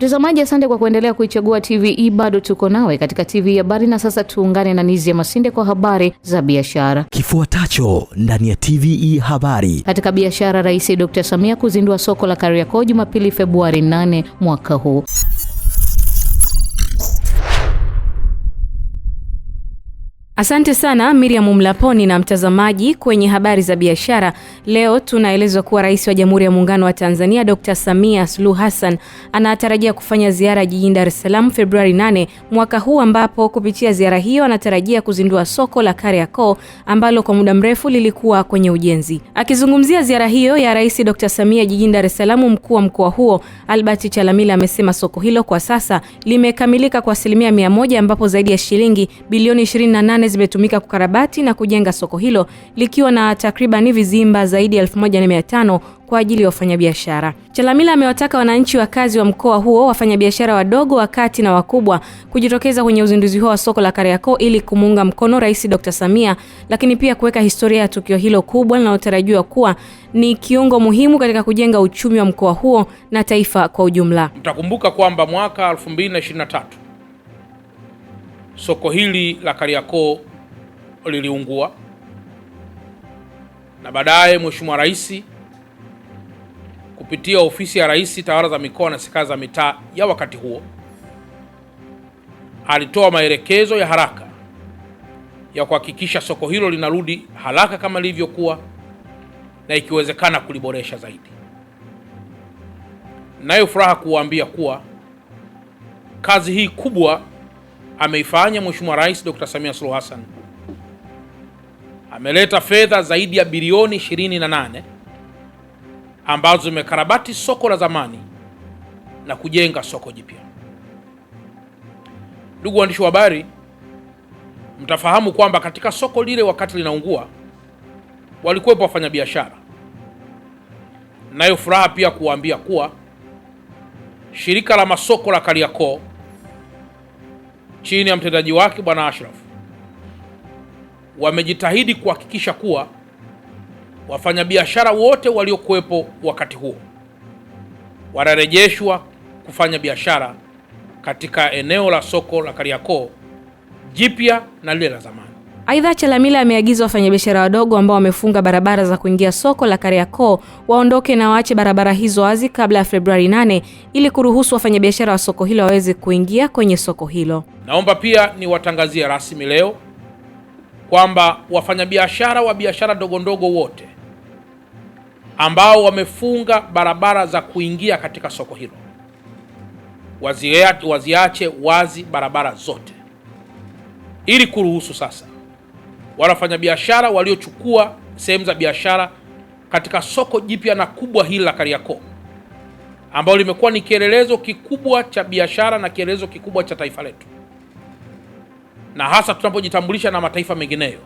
Mtazamaji, asante kwa kuendelea kuichagua TVE. Bado tuko nawe katika TV habari, na sasa tuungane na nizi ya Masinde kwa habari za biashara. Kifuatacho ndani ya TVE habari. Katika biashara, Rais Dr. Samia kuzindua soko la Kariakoo Jumapili Februari 8 mwaka huu. Asante sana Miriam Mlaponi na mtazamaji, kwenye habari za biashara leo tunaelezwa kuwa Rais wa Jamhuri ya Muungano wa Tanzania Dr. Samia Suluhu Hassan anatarajia kufanya ziara jijini Dar es Salaam Februari 8 mwaka huu, ambapo kupitia ziara hiyo anatarajia kuzindua soko la Kariakoo ambalo kwa muda mrefu lilikuwa kwenye ujenzi. Akizungumzia ziara hiyo ya Rais Dr. Samia jijini Dar es Salaam, mkuu wa mkoa huo Albert Chalamila amesema soko hilo kwa sasa limekamilika kwa asilimia mia ambapo zaidi ya shilingi bilioni 28 zimetumika kukarabati na kujenga soko hilo likiwa na takriban vizimba zaidi ya 1500 kwa ajili ya wafanyabiashara. Chalamila amewataka wananchi wakazi wa mkoa huo, wafanyabiashara wadogo, wakati na wakubwa kujitokeza kwenye uzinduzi huo wa soko la Kariakoo ili kumuunga mkono Rais Dr. Samia, lakini pia kuweka historia ya tukio hilo kubwa linalotarajiwa kuwa ni kiungo muhimu katika kujenga uchumi wa mkoa huo na taifa kwa ujumla. Mtakumbuka kwamba mwaka 2023 Soko hili la Kariakoo liliungua na baadaye Mheshimiwa Rais kupitia ofisi ya Rais Tawala za Mikoa na Serikali za Mitaa ya wakati huo alitoa maelekezo ya haraka ya kuhakikisha soko hilo linarudi haraka kama lilivyokuwa na ikiwezekana kuliboresha zaidi. Nayo furaha kuwaambia kuwa kazi hii kubwa ameifanya Mheshimiwa Rais Dr. Samia Suluhu Hassan. Ameleta fedha zaidi ya bilioni 28 ambazo zimekarabati soko la zamani na kujenga soko jipya. Ndugu waandishi wa habari, mtafahamu kwamba katika soko lile wakati linaungua walikuwepo wafanyabiashara. Nayo furaha pia kuwaambia kuwa shirika la masoko la Kariakoo chini ya mtendaji wake Bwana Ashraf wamejitahidi kuhakikisha kuwa wafanyabiashara wote waliokuwepo wakati huo wanarejeshwa kufanya biashara katika eneo la soko la Kariakoo jipya na lile la zamani. Aidha, Chalamila ameagiza wafanyabiashara wadogo ambao wamefunga barabara za kuingia soko la Kariakoo waondoke na waache barabara hizo wazi kabla ya Februari 8 ili kuruhusu wafanyabiashara wa soko hilo waweze kuingia kwenye soko hilo. Naomba pia niwatangazie rasmi leo kwamba wafanyabiashara wa biashara ndogo ndogo wote ambao wamefunga barabara za kuingia katika soko hilo waziache wazi wazi barabara zote ili kuruhusu sasa wafanyabiashara waliochukua sehemu za biashara katika soko jipya na kubwa hili la Kariakoo ambalo limekuwa ni kielelezo kikubwa cha biashara na kielelezo kikubwa cha taifa letu, na hasa tunapojitambulisha na mataifa mengineyo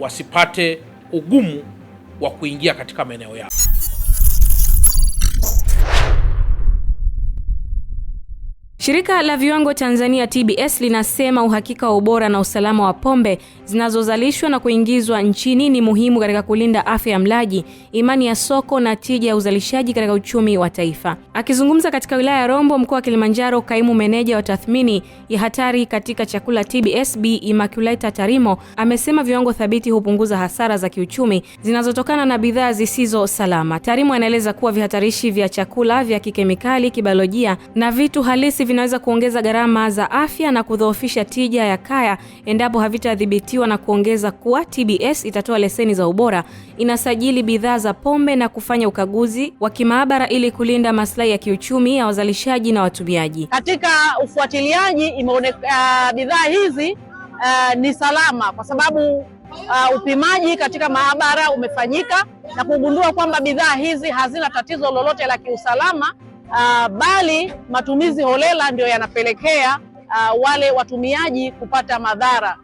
wasipate ugumu wa kuingia katika maeneo yao. Shirika la Viwango Tanzania TBS linasema uhakika wa ubora na usalama wa pombe zinazozalishwa na kuingizwa nchini ni muhimu katika kulinda afya ya mlaji, imani ya soko na tija ya uzalishaji katika uchumi wa taifa. Akizungumza katika wilaya ya Rombo, mkoa wa Kilimanjaro, kaimu meneja wa tathmini ya hatari katika chakula TBS Bi Immaculata Tarimo amesema viwango thabiti hupunguza hasara za kiuchumi zinazotokana na bidhaa zisizo salama. Tarimo anaeleza kuwa vihatarishi vya chakula vya kikemikali, kibiolojia na vitu halisi vinaweza kuongeza gharama za afya na kudhoofisha tija ya kaya endapo havitadhibitiwa, na kuongeza kuwa TBS itatoa leseni za ubora, inasajili bidhaa za pombe na kufanya ukaguzi wa kimaabara ili kulinda maslahi ya kiuchumi ya wazalishaji na watumiaji. Katika ufuatiliaji imeonekana uh, bidhaa hizi uh, ni salama kwa sababu Uh, upimaji katika maabara umefanyika na kugundua kwamba bidhaa hizi hazina tatizo lolote la kiusalama uh, bali matumizi holela ndio yanapelekea uh, wale watumiaji kupata madhara.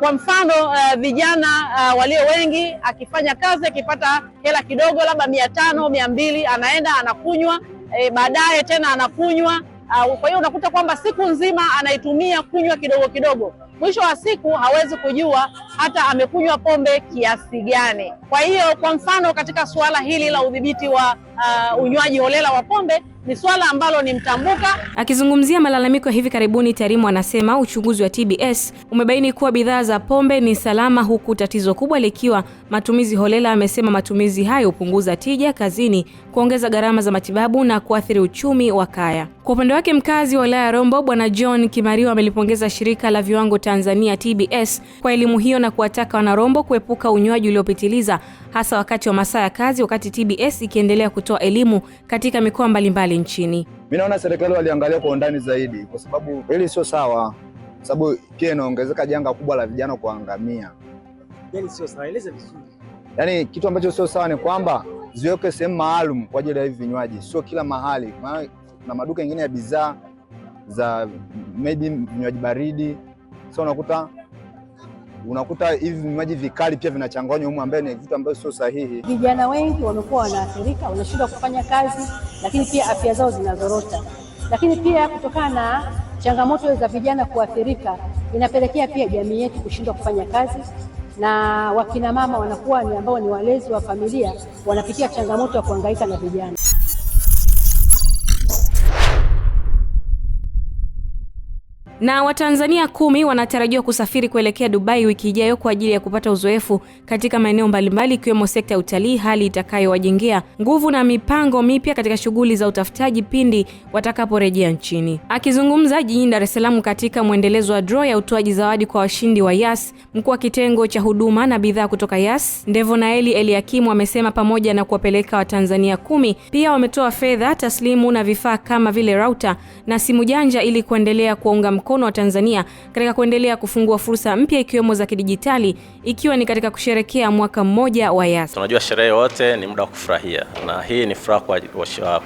Kwa mfano ah, vijana uh, uh, walio wengi akifanya kazi akipata hela kidogo, labda mia tano mia mbili, anaenda anakunywa e, baadaye tena anakunywa uh, kwa hiyo unakuta kwamba siku nzima anaitumia kunywa kidogo kidogo, mwisho wa siku hawezi kujua hata amekunywa pombe kiasi gani. Kwa hiyo kwa mfano katika suala hili la udhibiti wa uh, unywaji holela wa pombe ni swala ambalo ni mtambuka. Akizungumzia malalamiko ya hivi karibuni, tarimu anasema uchunguzi wa TBS umebaini kuwa bidhaa za pombe ni salama, huku tatizo kubwa likiwa matumizi holela. Amesema matumizi hayo hupunguza tija kazini, kuongeza gharama za matibabu na kuathiri uchumi wa kaya. Kwa upande wake, mkazi wa wilaya ya Rombo Bwana John Kimario amelipongeza shirika la viwango Tanzania TBS kwa elimu hiyo na kuwataka wanarombo kuepuka unywaji uliopitiliza, hasa wakati wa masaa ya kazi, wakati TBS ikiendelea kutoa elimu katika mikoa mbalimbali nchini. mi naona serikali waliangalia kwa undani zaidi, kwa sababu hili sio sawa, kwa sababu pia inaongezeka janga kubwa la vijana kuangamia. Yani sio sawa, eleza vizuri. Yani kitu ambacho sio sawa ni kwamba ziweke sehemu maalum kwa ajili ya hivi vinywaji, sio kila mahali. Kuna maduka mengine ya bidhaa za maybe vinywaji baridi, sasa unakuta unakuta hivi vinywaji vikali pia vinachanganywa humu, ambaye ni vitu ambavyo sio sahihi. Vijana wengi wamekuwa wanaathirika, wanashindwa kufanya kazi, lakini pia afya zao zinazorota. Lakini pia kutokana na changamoto za vijana kuathirika, inapelekea pia jamii yetu kushindwa kufanya kazi na wakina mama wanakuwa ni ambao ni walezi wa familia, wanapitia changamoto ya kuhangaika na vijana. Na Watanzania kumi wanatarajiwa kusafiri kuelekea Dubai wiki ijayo kwa ajili ya kupata uzoefu katika maeneo mbalimbali ikiwemo sekta ya utalii, hali itakayowajengea nguvu na mipango mipya katika shughuli za utafutaji pindi watakaporejea nchini. Akizungumza jijini Dar es Salaam katika mwendelezo wa draw ya utoaji zawadi kwa washindi wa Yas, mkuu wa kitengo cha huduma na bidhaa kutoka Yas Ndevonaeli Eliakimu amesema pamoja na kuwapeleka Watanzania kumi, pia wametoa fedha taslimu na vifaa kama vile router na simu janja ili kuendelea kuunga mkono wa Tanzania katika kuendelea kufungua fursa mpya ikiwemo za kidijitali, ikiwa ni katika kusherekea mwaka mmoja wa Yas. Tunajua sherehe yote ni muda wa kufurahia, na hii ni furaha kwa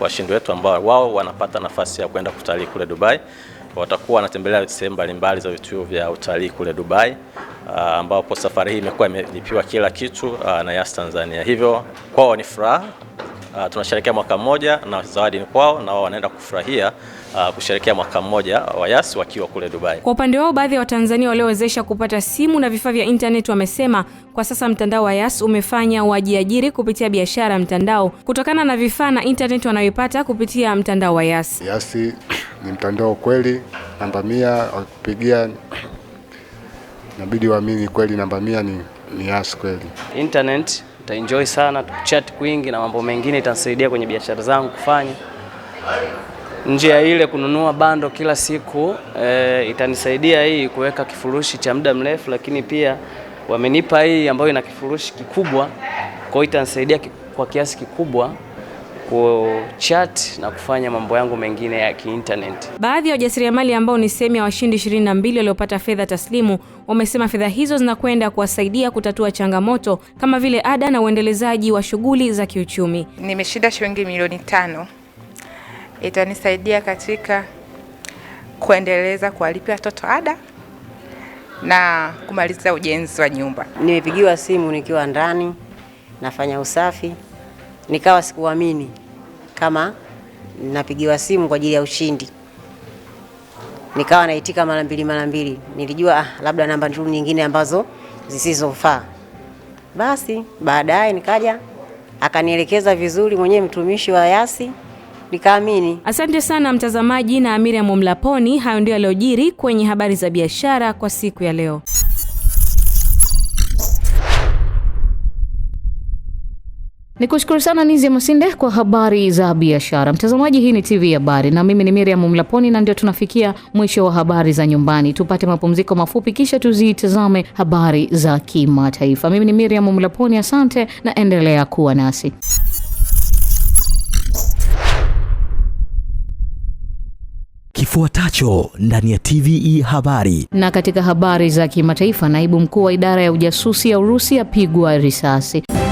washindi wetu ambao wao wanapata nafasi ya kwenda kutalii kule Dubai. Watakuwa wanatembelea sehemu mbalimbali za vituo vya utalii kule Dubai, ah, ambapo safari hii imekuwa imelipiwa kila kitu ah, na Yas Tanzania, hivyo kwao ni furaha uh, ah, tunasherekea mwaka mmoja na zawadi ni kwao na wao wanaenda kufurahia uh, ah, kusherekea mwaka mmoja wa Yas wakiwa kule Dubai. Kwa upande wao, baadhi ya Watanzania waliowezesha kupata simu na vifaa vya internet wamesema kwa sasa mtandao wa Yas umefanya wajiajiri kupitia biashara mtandao kutokana na vifaa na internet wanayoipata kupitia mtandao wa Yas. Yas ni mtandao kweli, namba mia wakupigia inabidi waamini kweli, namba mia ni, ni Yas kweli. Internet nitaenjoy sana, tuchat kwingi na mambo mengine, itanisaidia kwenye biashara zangu kufanya nje ya ile kununua bando kila siku e, itanisaidia hii kuweka kifurushi cha muda mrefu, lakini pia wamenipa hii ambayo ina kifurushi kikubwa, kwa hiyo itanisaidia kwa kiasi kikubwa kuchat na kufanya mambo yangu mengine ya kiinternet. Baadhi ya wajasiriamali ambao ni sehemu ya washindi 22 waliopata fedha taslimu wamesema fedha hizo zinakwenda kuwasaidia kutatua changamoto kama vile ada na uendelezaji wa shughuli za kiuchumi. Nimeshinda shilingi milioni tano, itanisaidia katika kuendeleza kuwalipia watoto ada na kumaliza ujenzi wa nyumba. Nimepigiwa simu nikiwa ndani nafanya usafi, nikawa sikuamini kama napigiwa simu kwa ajili ya ushindi, nikawa naitika mara mbili mara mbili, nilijua ah, labda namba tu nyingine ambazo zisizofaa. Basi baadaye nikaja akanielekeza vizuri mwenyewe mtumishi wa Yasi nikaamini. Asante sana mtazamaji na Miriam Mlaponi, hayo ndio yaliyojiri kwenye habari za biashara kwa siku ya leo. Ni kushukuru sana Nizi Masinde kwa habari za biashara. Mtazamaji, hii ni TV Habari na mimi ni Miriam Mlaponi, na ndio tunafikia mwisho wa habari za nyumbani. Tupate mapumziko mafupi, kisha tuzitazame habari za kimataifa. Mimi ni Miriam Mlaponi, asante na endelea kuwa nasi. Kifuatacho ndani ya TVE Habari. Na katika habari za kimataifa, naibu mkuu wa idara ya ujasusi ya Urusi apigwa risasi.